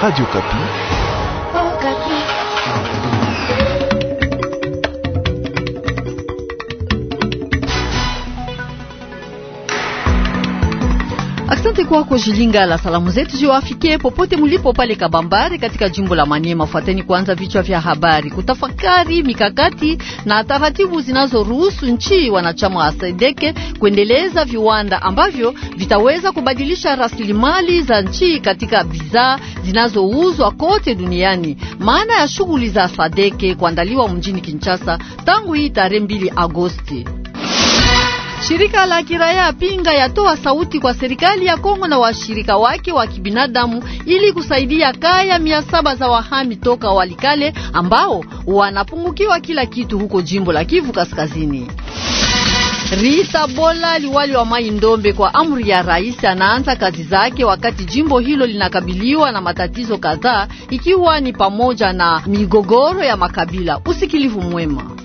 Radio Kapi. Asante kwako la Salamu zetu ziwafikie popote mulipo pale Kabambare katika jimbo la Maniema. Fuateni kwanza vichwa vya habari. Kutafakari mikakati na taratibu zinazoruhusu nchi wanachama wa Sadeke kuendeleza viwanda ambavyo vitaweza kubadilisha rasilimali za nchi katika bidhaa zinazouzwa kote duniani. Maana ya shughuli za Sadeke kuandaliwa mjini Kinshasa tangu hii tarehe 2 Agosti. Shirika la kiraia Pinga yatoa sauti kwa serikali ya Kongo na washirika wake wa kibinadamu ili kusaidia kaya mia saba za wahami toka Walikale ambao wanapungukiwa kila kitu huko jimbo la Kivu Kaskazini. Rita Bola liwali wa Mai Ndombe kwa amri ya rais anaanza kazi zake wakati jimbo hilo linakabiliwa na matatizo kadhaa ikiwa ni pamoja na migogoro ya makabila. Usikilivu mwema.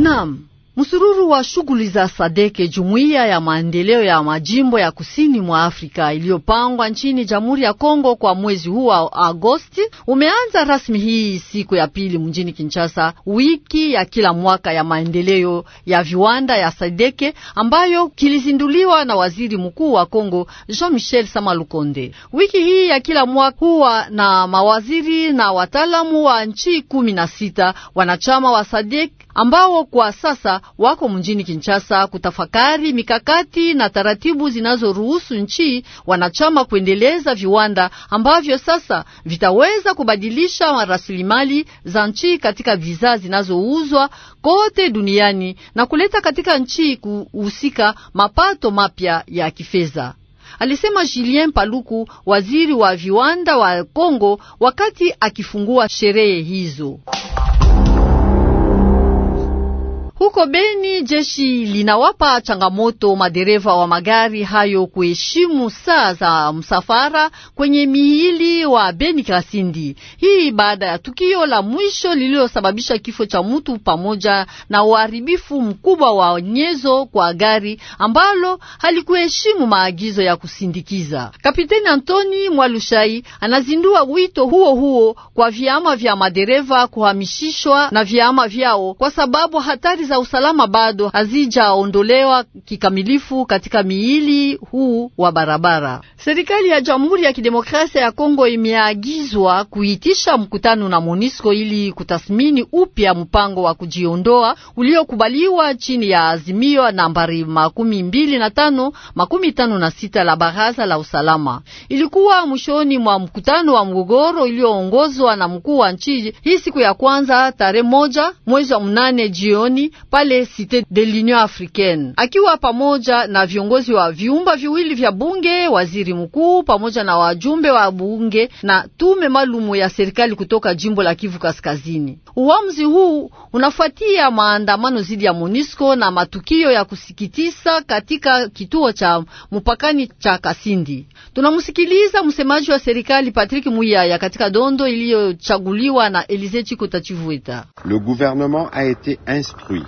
Naam, msururu wa shughuli za Sadeke, jumuiya ya maendeleo ya majimbo ya kusini mwa Afrika iliyopangwa nchini Jamhuri ya Kongo kwa mwezi huu wa Agosti umeanza rasmi hii siku ya pili mjini Kinshasa, wiki ya kila mwaka ya maendeleo ya viwanda ya Sadeke ambayo kilizinduliwa na Waziri Mkuu wa Kongo Jean-Michel Samalukonde. Wiki hii ya kila mwaka huwa na mawaziri na wataalamu wa nchi kumi na sita wanachama wa Sadeke ambao kwa sasa wako mjini Kinshasa kutafakari mikakati na taratibu zinazoruhusu nchi wanachama kuendeleza viwanda ambavyo sasa vitaweza kubadilisha rasilimali za nchi katika bidhaa zinazouzwa kote duniani na kuleta katika nchi kuhusika mapato mapya ya kifedha. Alisema Julien Paluku, waziri wa viwanda wa Kongo, wakati akifungua sherehe hizo. Huko Beni jeshi linawapa changamoto madereva wa magari hayo kuheshimu saa za msafara kwenye miili wa Beni Kasindi. Hii baada ya tukio la mwisho lililosababisha kifo cha mtu pamoja na uharibifu mkubwa wa nyezo kwa gari ambalo halikuheshimu maagizo ya kusindikiza. Kapiteni Antoni Mwalushai anazindua wito huo huo kwa vyama vya madereva kuhamishishwa na vyama vyao kwa sababu hatari za usalama bado hazijaondolewa kikamilifu katika miili huu wa barabara. Serikali ya Jamhuri ya Kidemokrasia ya Kongo imeagizwa kuitisha mkutano na MONUSCO ili kutathmini upya mpango wa kujiondoa uliokubaliwa chini ya azimio nambari makumi mbili na tano makumi tano na sita la Baraza la Usalama. Ilikuwa mwishoni mwa mkutano wa mgogoro iliyoongozwa na mkuu wa nchi hii siku ya kwanza tarehe moja mwezi wa mnane jioni pale Cite de l'Union Africaine, akiwa pamoja na viongozi wa vyumba viwili vya bunge, waziri mkuu pamoja na wajumbe wa bunge na tume maalumu ya serikali kutoka jimbo la Kivu Kaskazini. Uamuzi huu unafuatia maandamano dhidi ya MONUSCO na matukio ya kusikitisa katika kituo cha mpakani cha Kasindi. Tunamsikiliza msemaji wa serikali Patrick Muyaya katika dondo iliyochaguliwa na Elize Chikota Le gouvernement a été instruit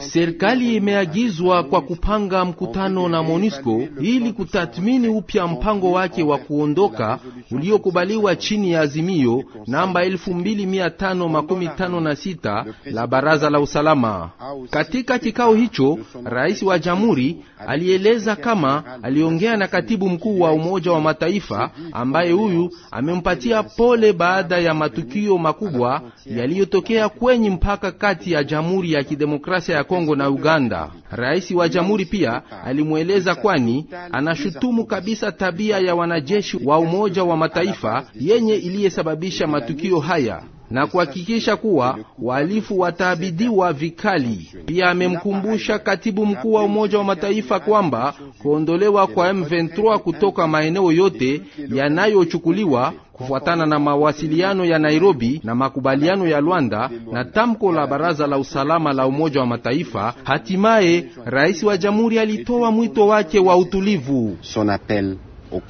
Serikali imeagizwa kwa kupanga mkutano na MONUSCO ili kutathmini upya mpango wake wa kuondoka uliokubaliwa chini ya azimio namba 2556 la Baraza la Usalama. Katika kikao hicho, rais wa jamhuri alieleza kama aliongea na katibu mkuu wa Umoja wa Mataifa ambaye huyu amempatia pole baada ya matukio makubwa yaliyotokea kwenye mpaka kati ya Jamhuri ya Kidemokrasia Kidemokrasia ya Kongo na Uganda. Rais wa jamhuri pia alimweleza, kwani anashutumu kabisa tabia ya wanajeshi wa Umoja wa Mataifa yenye iliyesababisha matukio haya na kuhakikisha kuwa wahalifu wataabidiwa vikali. Pia amemkumbusha katibu mkuu wa Umoja wa Mataifa kwamba kuondolewa kwa M23 kutoka maeneo yote yanayochukuliwa kufuatana na mawasiliano ya Nairobi na makubaliano ya Luanda na tamko la Baraza la Usalama la Umoja wa Mataifa, hatimaye rais wa jamhuri alitoa mwito wake wa utulivu Son appel au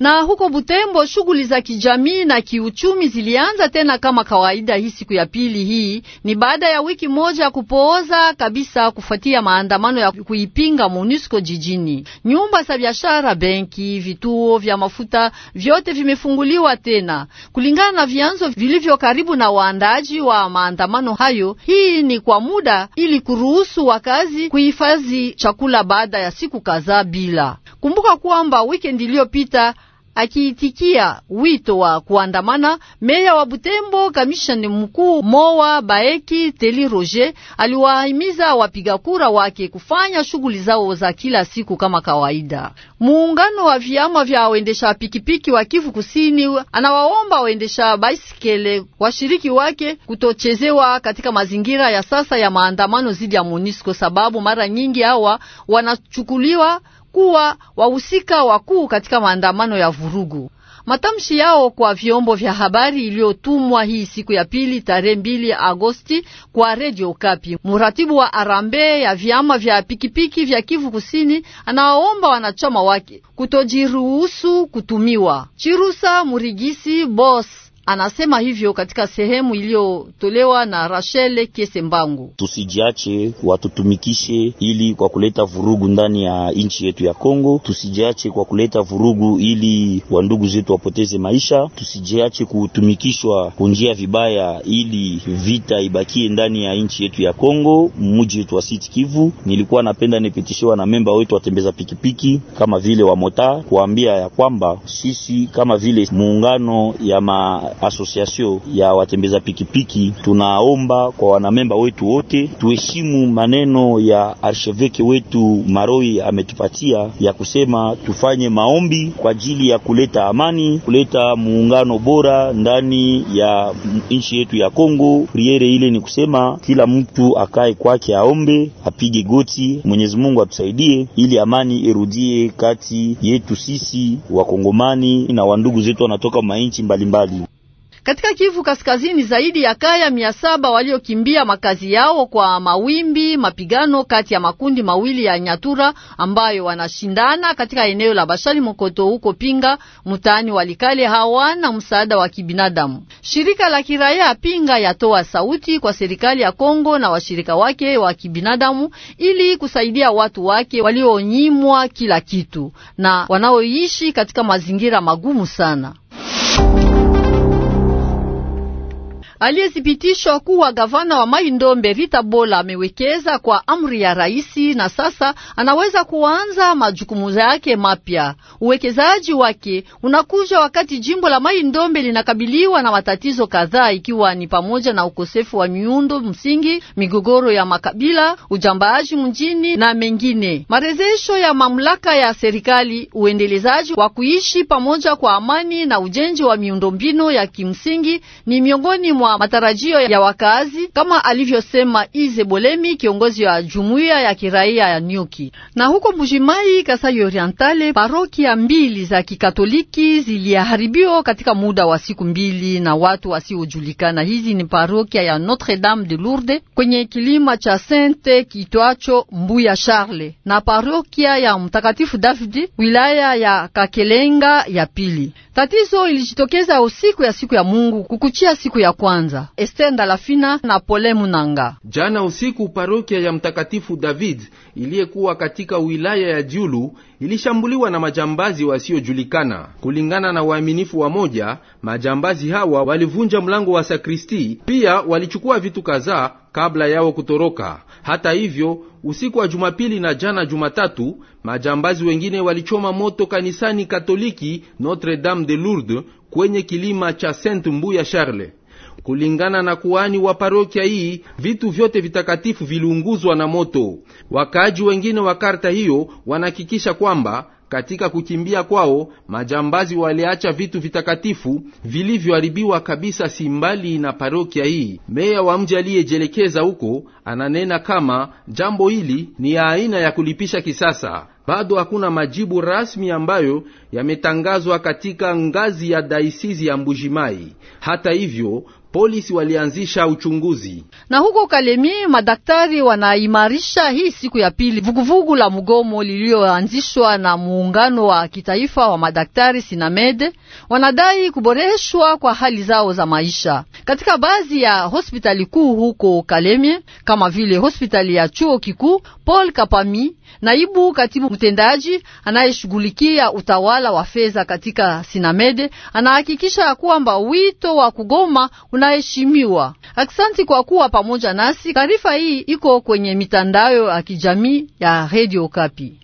Na huko Butembo, shughuli za kijamii na kiuchumi zilianza tena kama kawaida hii siku ya pili. Hii ni baada ya wiki moja ya kupooza kabisa kufuatia maandamano ya kuipinga MONUSCO jijini. Nyumba za biashara, benki, vituo vya mafuta vyote vimefunguliwa tena, kulingana na vyanzo vilivyo karibu na waandaji wa maandamano hayo. Hii ni kwa muda ili kuruhusu wakazi kuhifadhi chakula baada ya siku kadhaa bila Kumbuka kwamba wikendi iliyopita akiitikia wito wa kuandamana, meya wa Butembo kamishani mkuu Mowa Baeki Teli Roger aliwahimiza wapiga kura wake kufanya shughuli zao za kila siku kama kawaida. Muungano wa vyama vya waendesha pikipiki wa Kivu Kusini anawaomba waendesha baisikele washiriki wake kutochezewa katika mazingira ya sasa ya maandamano dhidi ya MONUSCO, sababu mara nyingi hawa wanachukuliwa kuwa wahusika wakuu katika maandamano ya vurugu. Matamshi yao kwa vyombo vya habari iliyotumwa hii siku ya pili tarehe mbili Agosti kwa Radio Kapi, muratibu wa arambe ya vyama vya pikipiki vya Kivu Kusini anawaomba wanachama wake kutojiruhusu kutumiwa. Chirusa Murigisi Boss Anasema hivyo katika sehemu iliyotolewa na Rachel kesembangu Tusijiache watutumikishe ili kwa kuleta vurugu ndani ya nchi yetu ya Kongo, tusijiache kwa kuleta vurugu ili wandugu zetu wapoteze maisha, tusijiache kutumikishwa kunjia vibaya ili vita ibakie ndani ya nchi yetu ya Kongo, mji wetu wa Sud Kivu. Nilikuwa napenda nipitishiwa na memba wetu watembeza pikipiki kama vile wamota kuambia ya kwamba sisi kama vile muungano ya ma association ya watembeza pikipiki, tunaomba kwa wanamemba wetu wote tuheshimu maneno ya arsheveke wetu Maroi ametupatia ya kusema tufanye maombi kwa ajili ya kuleta amani, kuleta muungano bora ndani ya nchi yetu ya Kongo. Priere ile ni kusema kila mtu akae kwake, aombe, apige goti, Mwenyezi Mungu atusaidie ili amani irudie kati yetu sisi Wakongomani na wandugu zetu wanatoka mainchi mbalimbali. Katika Kivu Kaskazini, zaidi ya kaya mia saba waliokimbia makazi yao kwa mawimbi mapigano kati ya makundi mawili ya Nyatura ambayo wanashindana katika eneo la Bashali Mokoto huko Pinga mtaani Walikale hawana msaada wa kibinadamu. Shirika la kiraia Pinga yatoa sauti kwa serikali ya Kongo na washirika wake wa kibinadamu ili kusaidia watu wake walionyimwa kila kitu na wanaoishi katika mazingira magumu sana. aliyethibitishwa kuwa gavana wa Mai Ndombe Rita Bola amewekeza kwa amri ya raisi, na sasa anaweza kuanza majukumu yake mapya. Uwekezaji wake unakuja wakati jimbo la Mai Ndombe linakabiliwa na matatizo kadhaa, ikiwa ni pamoja na ukosefu wa miundo msingi, migogoro ya makabila, ujambaaji mjini na mengine. Marejesho ya mamlaka ya serikali, uendelezaji wa kuishi pamoja kwa amani na ujenzi wa miundombinu ya kimsingi ni miongoni mwa mwa matarajio ya wakazi, kama alivyosema Ize Bolemi, kiongozi wa jumuiya ya kiraia ya Nyuki. Na huko Mbujimai, Kasai Orientale, parokia mbili za kikatoliki ziliharibiwa katika muda wa siku mbili na watu wasiojulikana. Hizi ni parokia ya Notre Dame de Lourdes kwenye kilima cha Sente kitwacho Mbuya Charles na parokia ya Mtakatifu David wilaya ya Kakelenga ya pili. Tatizo ilijitokeza usiku ya siku ya Mungu kukuchia siku ya kwanza kwanza Esther Ndalafina na Pole Munanga. Jana usiku parokia ya Mtakatifu David iliyekuwa katika wilaya ya Julu ilishambuliwa na majambazi wasiojulikana. Kulingana na waaminifu wa moja, majambazi hawa walivunja mlango wa sakristi, pia walichukua vitu kadhaa kabla yao kutoroka. Hata hivyo, usiku wa Jumapili na jana Jumatatu, majambazi wengine walichoma moto kanisani Katoliki Notre Dame de Lourdes kwenye kilima cha Saint Mbuya Charles. Kulingana na kuhani wa parokia hii, vitu vyote vitakatifu viliunguzwa na moto. Wakaaji wengine wa karta hiyo wanahakikisha kwamba katika kukimbia kwao majambazi waliacha vitu vitakatifu vilivyoharibiwa kabisa, simbali na parokia hii. Meya wa mji aliyejielekeza huko ananena kama jambo hili ni ya aina ya kulipisha kisasa. Bado hakuna majibu rasmi ambayo yametangazwa katika ngazi ya daisizi ya Mbujimai. Hata hivyo, polisi walianzisha uchunguzi. Na huko Kalemi, madaktari wanaimarisha hii siku ya pili vuguvugu la mgomo lililoanzishwa na muungano wa kitaifa wa madaktari Sinamede. Wanadai kuboreshwa kwa hali zao za maisha katika baadhi ya hospitali kuu huko Kalemi, kama vile hospitali ya chuo kikuu Paul Kapami Naibu katibu mtendaji anayeshughulikia utawala wa fedha katika Sinamede anahakikisha kwamba wito wa kugoma unaheshimiwa. Aksanti kwa kuwa pamoja nasi. Taarifa hii iko kwenye mitandao ya kijamii ya Radio Kapi.